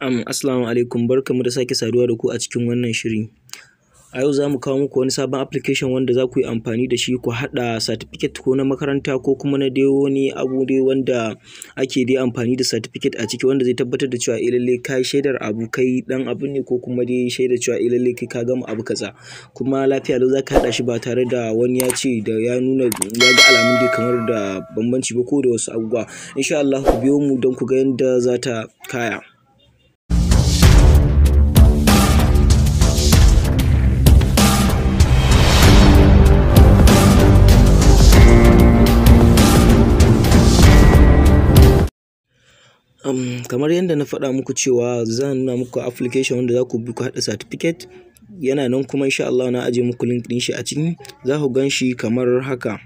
Um, assalamu alaikum barkamu da sake saduwa da ku a cikin wannan shiri. A yau za mu kawo muku wani sabon application wanda za ku yi amfani da shi ku haɗa certificate ko na makaranta ko kuma na dai wani abu dai wanda ake dai amfani da certificate a ciki wanda zai tabbatar da cewa ilalle eh, ka shaidar abu kai dan abu ne ko kuma dai shaidar cewa ilalle eh, kai ka gama abu kaza kuma lafiya lau za ka haɗa shi ba tare da wani ya ce da ya nuna ya ga alamun dai kamar da bambanci ba ko da wasu abubuwa. Insha Allah ku biyo mu don ku ga yadda za ta kaya. um, kamar yadda na faɗa muku cewa zan nuna muku application wanda za ku bi ku haɗa certificate yana nan kuma insha Allah na aje muku link ɗin shi a ciki za ku gan shi kamar haka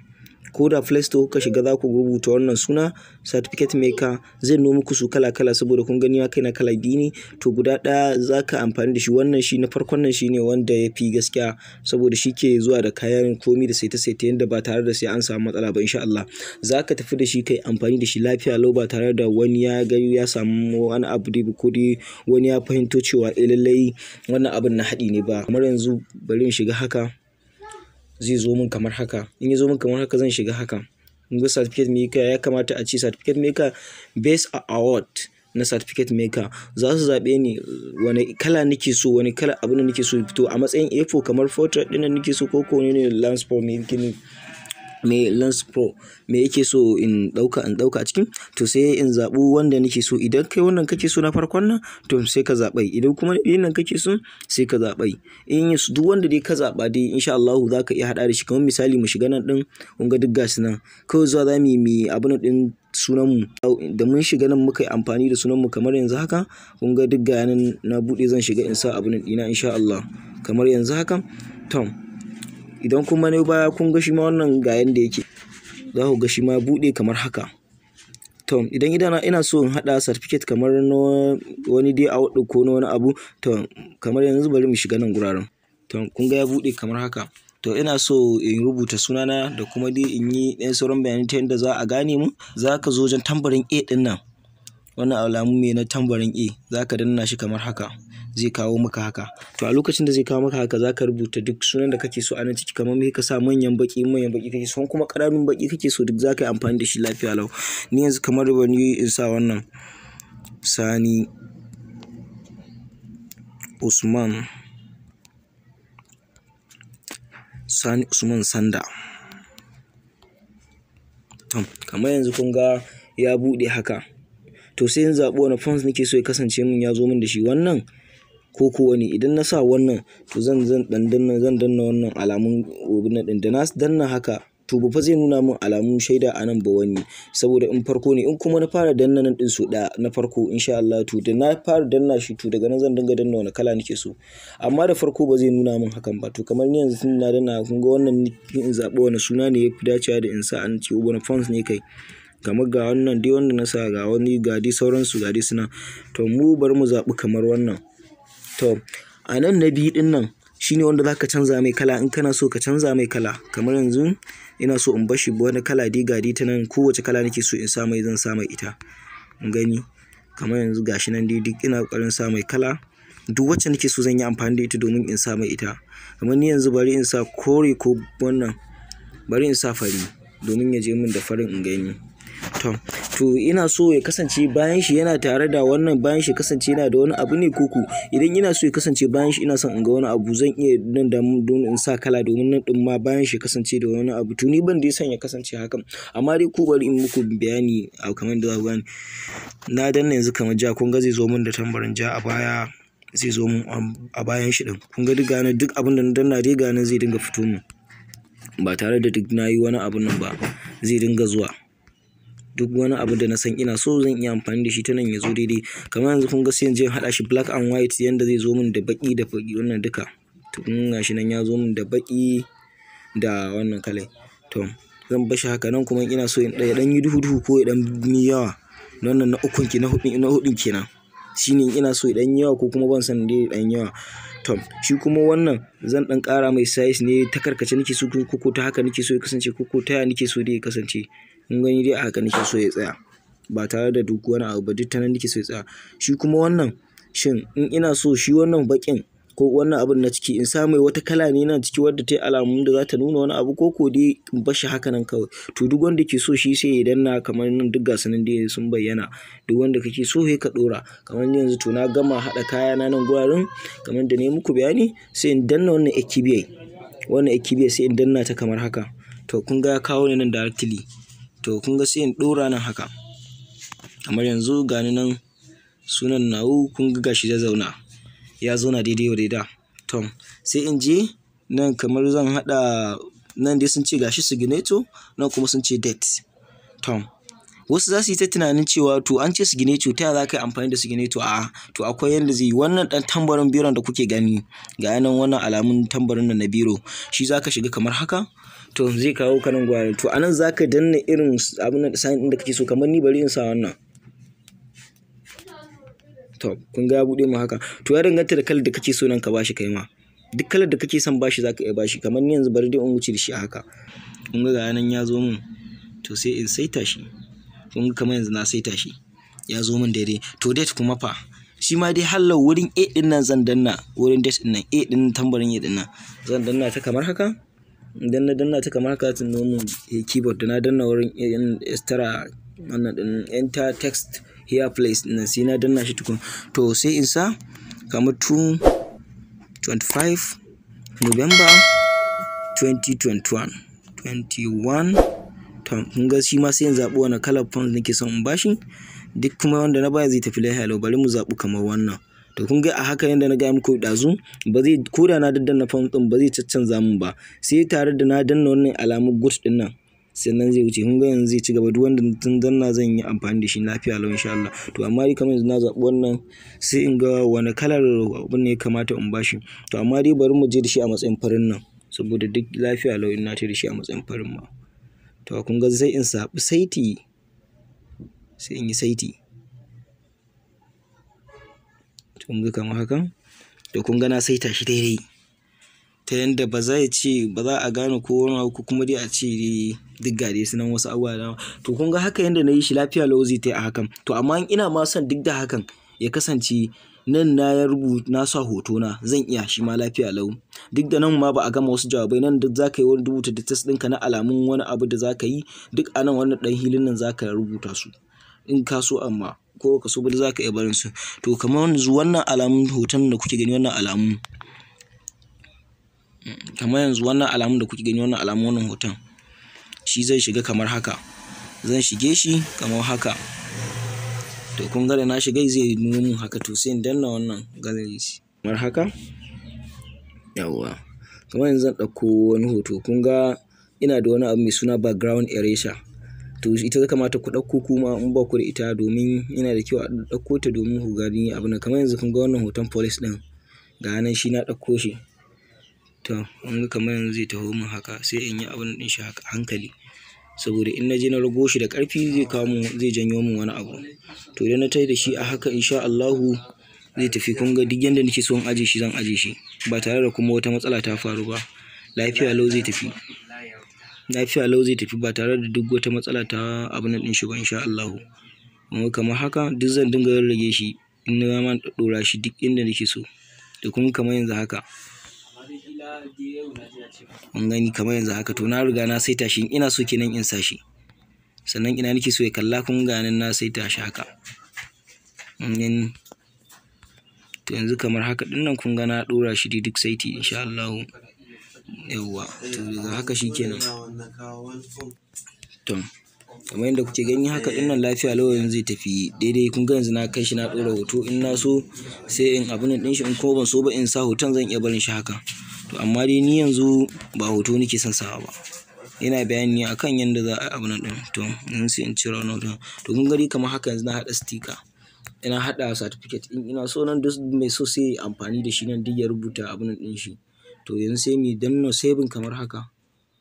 ko da Play Store ka shiga za ku rubuta wannan suna certificate maker zai nomi ku su kala kala saboda kun gani kai kaina kala biyu ne to guda ɗaya za ka amfani da shi wannan shi na farkon nan ne wanda ya fi gaskiya saboda shi ke zuwa da kayan komi da saita saita yadda ba tare da sai an samu matsala ba insha Allah za ka tafi da shi kai amfani da shi lafiya lau ba tare da wani ya gani ya samu wani abu da ko dai wani ya fahimto cewa eh lallai wannan abin na haɗi ne ba kamar yanzu bari in shiga haka zai zo min kamar haka in ya zo min kamar haka zan shiga haka in ga certificate maker ya kamata a ci certificate maker based a award na certificate maker za su zaɓe ni wani kala nake so wani kala abin da nake so fito a matsayin a4 kamar photo ɗin da nake so ko ko ne ne lance for me me lens pro me yake so in ɗauka in ɗauka a cikin to sai in zaɓi wanda nake so idan kai wannan kake so na farkon nan to sai ka zaɓai idan kuma biyun nan kake so sai ka zaɓai in duk wanda dai ka zaɓa dai insha Allah za ka iya haɗa da shi kamar misali mu shiga nan ɗin kun ga duk gasu nan kawai zuwa za mu yi abin ɗin sunan mu da mun shiga nan muka yi amfani da sunan mu kamar yanzu haka kun ga duk ga nan na buɗe zan shiga in sa abin ɗina insha Allah kamar yanzu haka tom Idan kuma ne baya kun ga shi ma wannan ga yanda yake. Za ku ga shi ma buɗe kamar haka. To idan idana ina so in haɗa certificate kamar na wani dai Outlook ko na wani abu to kamar yanzu bari mu shiga nan guraren. To kun ga ya buɗe kamar haka. To ina so in rubuta sunana da kuma dai in yi ɗan sauran bayani ta yanda za a gane mu. Za ka zo wajen tambarin A ɗin nan. Wannan alamu ne na tambarin A. Za ka danna shi kamar haka. zai kawo maka haka to a lokacin da zai kawo maka haka zaka rubuta duk sunan da kake so a nan ciki kamar me ka sa manyan baki manyan baki kake so kuma ƙananun baki kake so duk zaka yi amfani da shi lafiya lau ni yanzu kamar ban yi in sa wannan sani usman sani usman sanda kamar yanzu kun ga ya buɗe haka to sai in zaɓi wani fonts nake so ya kasance min ya zo min da shi wannan ko ko wani idan na sa wannan to zan zan dan danna zan danna wannan alamun na din da na danna haka to ba zai nuna min alamun shaida a nan ba wani saboda in farko ne in kuma na fara danna nan din su da na farko insha Allah to da na fara danna shi to daga nan zan dinga danna wani kala nake so amma da farko ba zai nuna min hakan ba to kamar ni yanzu na danna kun ga wannan in zaɓi wani suna ne yafi dacewa da in sa an ce wani fonts ne kai kamar ga wannan dai wanda na sa ga wani ga dai sauransu ga dai suna to mu bar mu zabi kamar wannan To, a nan na biyu ɗin nan shi ne wanda za ka canza mai kala in kana so ka canza mai kala kamar yanzu ina so in bashi wani kala dai gadi ta nan kowace kala nake so in samai zan samai ita in gani kamar yanzu gashi nan dai duk ina ƙoƙarin samai kala duk wacce nake so zan yi amfani da ita domin in samai ita kamar ni yanzu bari in sa kore ko wannan bari in sa fari domin ya je min da farin in gani to to ina so ya kasance bayan shi yana tare da wannan bayan shi kasance yana da wani abu ne kuku idan ina so ya kasance bayan shi ina son in ga wani abu zan iya nan da don in sa kala domin nan din ma bayan shi kasance da wani abu to ni ban da son ya kasance hakan amma dai ku bari in muku bayani a kamar da bani na danna yanzu kamar ja kun ga zai zo min da tambarin ja a baya zai zo min a bayan shi din kun ga duk gane duk abin da na danna dai gane zai dinga fito min ba tare da duk na yi wani abun nan ba zai dinga zuwa duk wani abu da na san ina so zan iya amfani da shi ta nan ya zo daidai kamar yanzu kun ga sai je haɗa shi black and white yanda zai zo min da baki da fari wannan duka to kun ga shi nan ya zo min da baki da wannan kalai to zan bar shi haka nan kuma ina so in ɗaya ɗan yi duhu duhu ko ya ɗan yi yawa wannan na ukun ki na hudun na hudun kenan shine ina so ɗan yawa ko kuma ban san dai ɗan yawa to shi kuma wannan zan ɗan ƙara mai size ne ta karkace nake so ko ta haka nake so ya kasance ko ta ya nake so dai ya kasance kun gani dai a haka nake so ya tsaya ba tare da duk wani abu ba duk ta nan nake so ya tsaya shi kuma wannan shin in ina so shi wannan baƙin ko wannan abin na ciki in sa mai wata kala ne na ciki wadda ta yi alamun da za ta nuna wani abu ko ko dai in bar shi haka nan kawai to duk wanda ke so shi sai ya danna kamar nan duk gasu nan dai sun bayyana duk wanda kake so sai ka dora kamar yanzu to na gama haɗa kaya na nan gurarin kamar da ne muku bayani sai in danna wannan ekibiyai wannan ekibiyai sai in danna ta kamar haka to kun ga ya kawo ne nan da artili. to kun ga sai in ɗora nan haka kamar yanzu gani nan sunan nawu kun ga gashi ya zauna ya zauna daidai wa daida tom sai in je nan kamar zan haɗa nan dai sun ce gashi to nan kuma sun ce date tom wasu za su yi ta tunanin cewa to an ce sigineto ta za ka yi amfani da sigineto a to akwai yadda zai yi wannan ɗan tambarin biron da kuke gani ga yanan wannan alamun tambarin nan na biro shi za ka shiga kamar haka to zai kawo ka nan gwari to anan za ka danna irin abin da sign ɗin da kake so kamar ni bari in sa wannan to kun ga ya mu haka to ya danganta da kalar da kake so nan ka bashi kai ma duk kalar da kake son bashi zaka iya bashi kamar ni yanzu bari dai in wuce da shi a haka kun ga nan ya zo min to sai in saita shi kun ga kamar yanzu na saita shi ya zo min daidai to date kuma fa shi ma dai hallau wurin a din nan zan danna wurin date din nan a din tambarin ya din nan zan danna ta kamar haka idan na danna ta kamar haka zan zo eh, keyboard da na danna wurin eh, extra wannan din enter text here place na sai na danna shi tukun to sai in sa kamar 2 25 November 2021 21 kun ga shi ma sai in zaɓi wani kalar font nake son in bashi duk kuma wanda na baya zai tafi lahiya lau bari mu zaɓi kamar wannan to kun ga a haka yadda na gaya muku ɗazu ba zai ko da na daddanna font ɗin ba zai caccanza min ba sai tare da na danna wannan alamun good din nan sannan zai wuce kun ga yanzu zai ci gaba duk wanda tun danna zan yi amfani da shi lafiya lau insha Allah to amma dai kamar yanzu na zaɓi wannan sai in ga wani kalar abin ne ya kamata in ba shi to amma dai bari mu je da shi a matsayin farin nan saboda duk lafiya lau in na ta da shi a matsayin farin ma to kun ga zai in saɓi saiti sai in yi saiti kunga kama hakan to kun na sai tashi daidai ta yanda ba za ya ce ba za a gane ko wani ko kuma dai a ce duk ga dai sunan wasu abubuwa da to kun ga haka yanda na yi shi lafiya lau zai ta a hakan to amma ina ma son duk da hakan ya kasance nan na ya rubuta na sa hoto na zan iya shi ma lafiya lau duk da nan ma ba a gama wasu jawabai nan duk zaka yi wani rubuta da test ɗinka na alamun wani abu da zaka yi duk a nan wannan ɗan hilin nan zaka rubuta su in ka so amma ko ka so ba za ka iya barin su to kamar yanzu wannan alamun hoton da kuke gani wannan alamu kamar yanzu wannan alamun da kuke gani wannan alamun wannan hoton shi zai shiga kamar haka zan shige shi kamar haka to kun ga da na shiga zai nuna mun haka to sai in danna wannan gallery shi kamar haka yawwa kamar yanzu zan ɗauko wani hoto kun ga ina da wani abu mai suna background erasure to ita ya kamata ku ɗauko kuma in ba ku da ita domin yana da kyau a ɗauko ta domin ku gani abu na kamar yanzu kun ga wannan hoton police ɗin ga nan shi na ɗauko shi to in ga kamar yanzu zai taho min haka sai in yi abin ɗin shi haka hankali saboda in na je na rago shi da ƙarfi zai kawo zai janyo min wani abu to idan na tai da shi a haka insha Allahu zai tafi kun ga duk yanda nake so in aje shi zan aje shi ba tare da kuma wata matsala ta faru ba lafiya lau zai tafi lafiya lau zai tafi ba tare da duk wata matsala ta abin nan ɗin shi ba insha Allahu. Kamar haka duk zan dinga rarrage shi in na ma ɗaɗɗora shi duk inda nake so da kuma kamar yanzu haka. mun gani kamar yanzu haka to na riga na saita shi ina so kenan in sa shi. Sannan ina nake so ya kalla kun ga nan na saita shi haka. Kun to yanzu kamar haka dinnan nan kun ga na dora shi duk saiti insha Allah yawwa to daga haka shi kenan. to kamar yadda kuke gani haka dinnan lafiya lawan zai tafi daidai kun ga na kai shi na ɗora hoto in na so sai in abin din shi in kuma ban so ba in sa hoton zan iya barin shi haka to amma dai ni yanzu ba hoto nake son sawa ba yana bayani akan yadda za a abin din to in sai in cire wannan hoton to kun gani kamar haka yanzu na haɗa sticker ina haɗa certificate ina so nan duk mai so sai amfani da shi nan duk ya rubuta abin din shi to yanzu sai mu danna saving kamar haka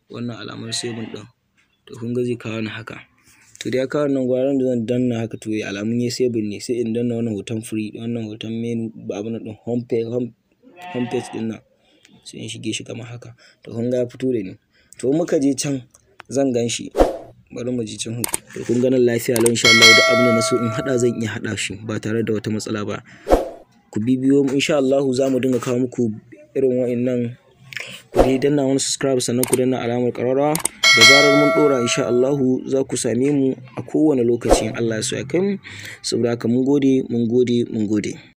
wannan alamar saving ɗin to kun ga zai kawo ni haka to da ya kawo nan gwaran da zan danna haka to alamun ya saving ne sai in danna wannan hoton free wannan hoton menu ba abin din home page home page din nan sai in shige shi kamar haka to kun ga ya fito da ni to muka je can zan gan shi bari mu ji can to kun ga nan lafiya lau insha Allah duk abin da na so in hada zan iya hada shi ba tare da wata matsala ba ku bibiyo mu insha Allah za mu dinga kawo muku irin nan ku dai danna wani subscribe sannan ku danna alamar ƙararrawa da zarar mun ɗora insha Allahu za ku same mu a kowane lokaci in Allah ya so ya kai mu saboda haka mun gode mun gode mun gode